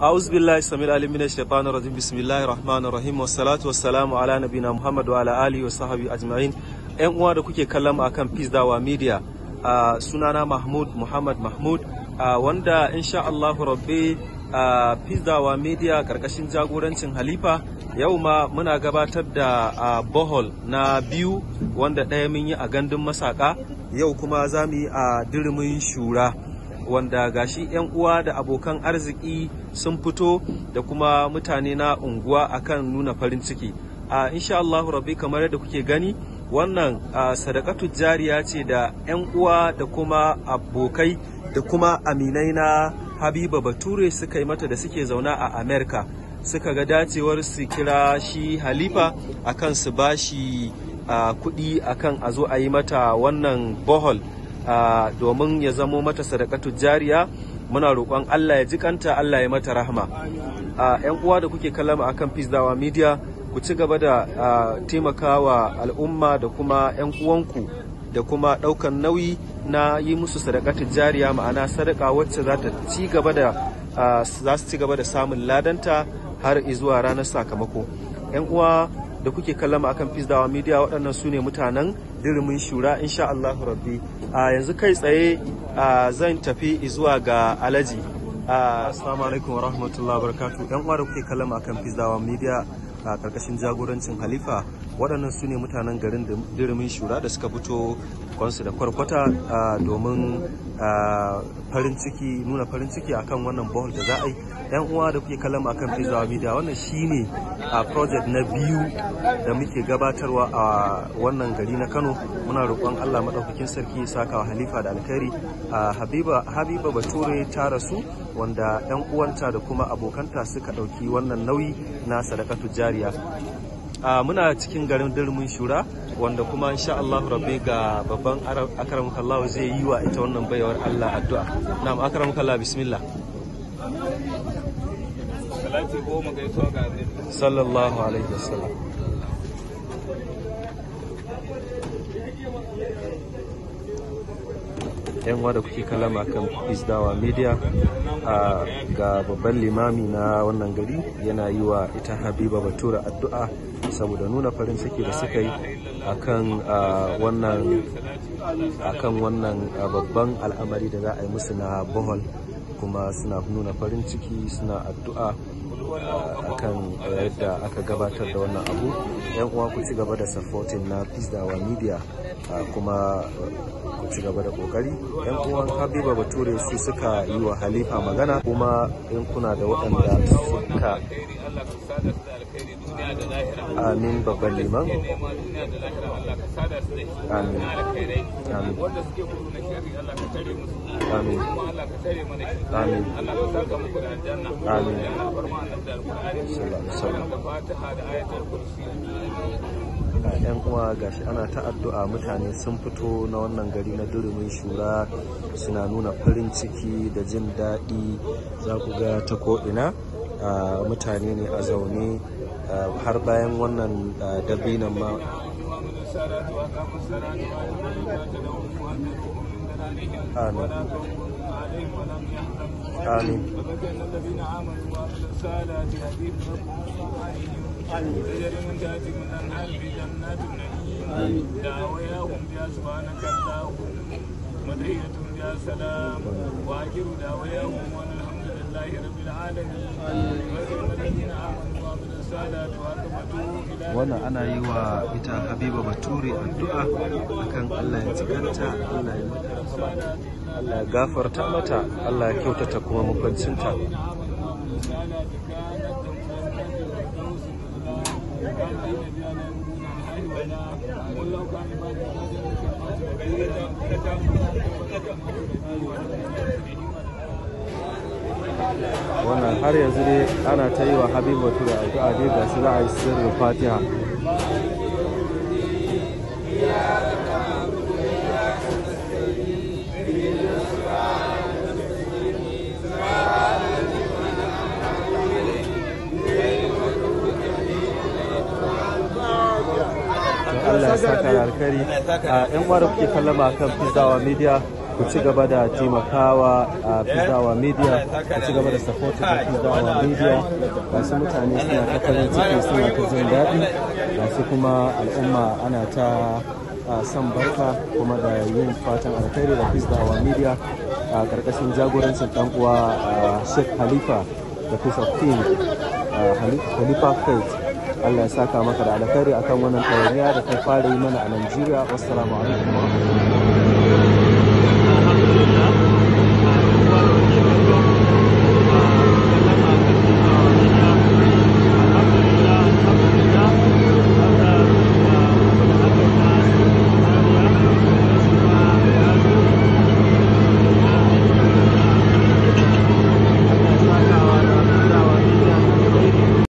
أعوذ بالله السميع العليم من الشيطان الرجيم بسم الله الرحمن الرحيم والصلاة والسلام على نبينا محمد وعلى آله وصحبه أجمعين ‘yan uwa da kuke kallon mu akan Peace Dawa Media sunana Mahmud Muhammad Mahmud wanda insha Allah rabbi a Peace Dawa Media karkashin jagorancin Halifa yau ma muna gabatar da bohol na biyu wanda ɗaya mun yi a gandun masaka yau kuma za mu yi a dirimin shura. wanda gashi 'yan uwa da abokan arziki sun fito da kuma mutane na unguwa akan nuna farin ciki a insha Allah rabbi kamar yadda kuke gani wannan sadakatu jariya ce da 'yan uwa da kuma abokai da kuma aminai na habiba bature suka yi mata da suke zauna a amerika suka ga dacewar su kira shi halifa akan su bashi kuɗi akan a zo a yi mata wannan bohol domin ya zamo mata sadaka jariya muna roƙon Allah ya jikanta Allah ya mata rahama yan uwa da kuke kallama akan Peace Dawa Media ku ci gaba da taimakawa al'umma da kuma yan uwanku da kuma ɗaukan nauyi na yi musu sadaka jariya ma'ana sadaka wacce za ta ci gaba da za su ci gaba da samun ladanta har zuwa ranar sakamako yan uwa da kuke kallama akan Peace Dawa Media waɗannan su ne mutanen dirimin shura insha Allahu rabbi a yanzu kai tsaye zan tafi zuwa ga alaji assalamu alaikum wa rahmatullahi wa yan uwa da kuke kalama akan fizawa media a karkashin jagorancin halifa waɗannan su ne mutanen garin dirimin shura da suka fito kwansu da kwarkwata domin farin ciki nuna farin ciki akan wannan bohol da za a yi yan uwa da kuke kallon akan fizawa media wannan shine a project na biyu da muke gabatarwa a wannan gari na kano muna roƙon allah maɗaukakin sarki sakawa halifa da alkhairi habiba habiba bature ta rasu wanda yan uwanta da kuma abokanta suka ɗauki wannan nauyi na sadakatu jariya Ah, muna cikin garin dirmin shura wanda kuma insha Allah rabbi ga babban akaramukallahu zai yi wa ita wannan baiwar Allah addu'a na'am akaramukallahu bismillah sallallahu alaihi wasallam yan da kuke kalama kan izdawa media a ga babban limami na wannan gari yana yi wa ita habiba batura addu'a saboda nuna farin ciki da suka yi akan wannan babban al'amari da za a yi musu na bohol kuma suna nuna farin ciki suna addu'a kan yadda aka gabatar da wannan abu yan uwa ku ci gaba da supporting na pizdawa media kuma eh, ku ci gaba da kokari yan uwan habiba bature su suka yi wa halifa magana kuma in kuna da waɗanda suka amin babban liman amin amin amin amin amin Amin! ga yan uwa shi ana ta addu'a mutane sun fito na wannan gari na durumin shura suna nuna farin ciki da jin daɗi za ku ga ta ko'ina mutane ne a zaune har bayan wannan dabinan ma من جنات wannan ana yi wa ita habiba bature addu'a akan allah ya jikanta allah ya mata allah ya gafarta mata allah ya kyautata kuma mukwancinta wannan har yanzu dai ana ta yi wa habibu tura addu'a a ga su za a yi sirrin fatiha a yan uwa da kuke kallama kan fizawa media ku ci gaba da taimakawa a fizawa media ku ci gaba da supporting da fizawa media masu mutane suna ta farin ciki suna ta jin daɗi masu kuma al'umma ana ta san barka kuma da yin fatan alkhairi da fizawa media a karkashin jagorancin ɗan uwa sheikh halifa da fisa king halifa fate Allah ya saka maka da alkhairi akan wannan tawariya da ta fara yi mana a Najeriya wassalamu alaikum